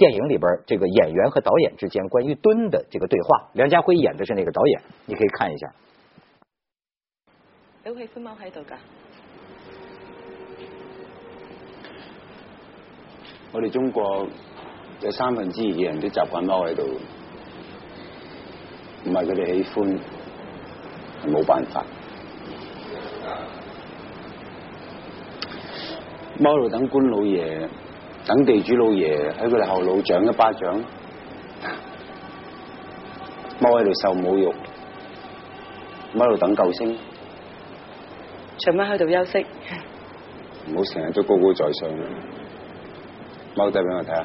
電影裏邊這個演員和導演之間關於蹲的這個對話，梁家輝演的是那個導演，你可以看一下。我喜歡踎喺度㗎。我哋中國有三分之二嘅人都習慣踎喺度，唔係佢哋喜歡，冇辦法。踎路等官老爺。等地主老爺喺佢哋後腦掌一巴掌，踎喺度受侮辱，踎喺度等救星，除翻喺度休息，唔好成日都高高在上，踎低俾我睇下。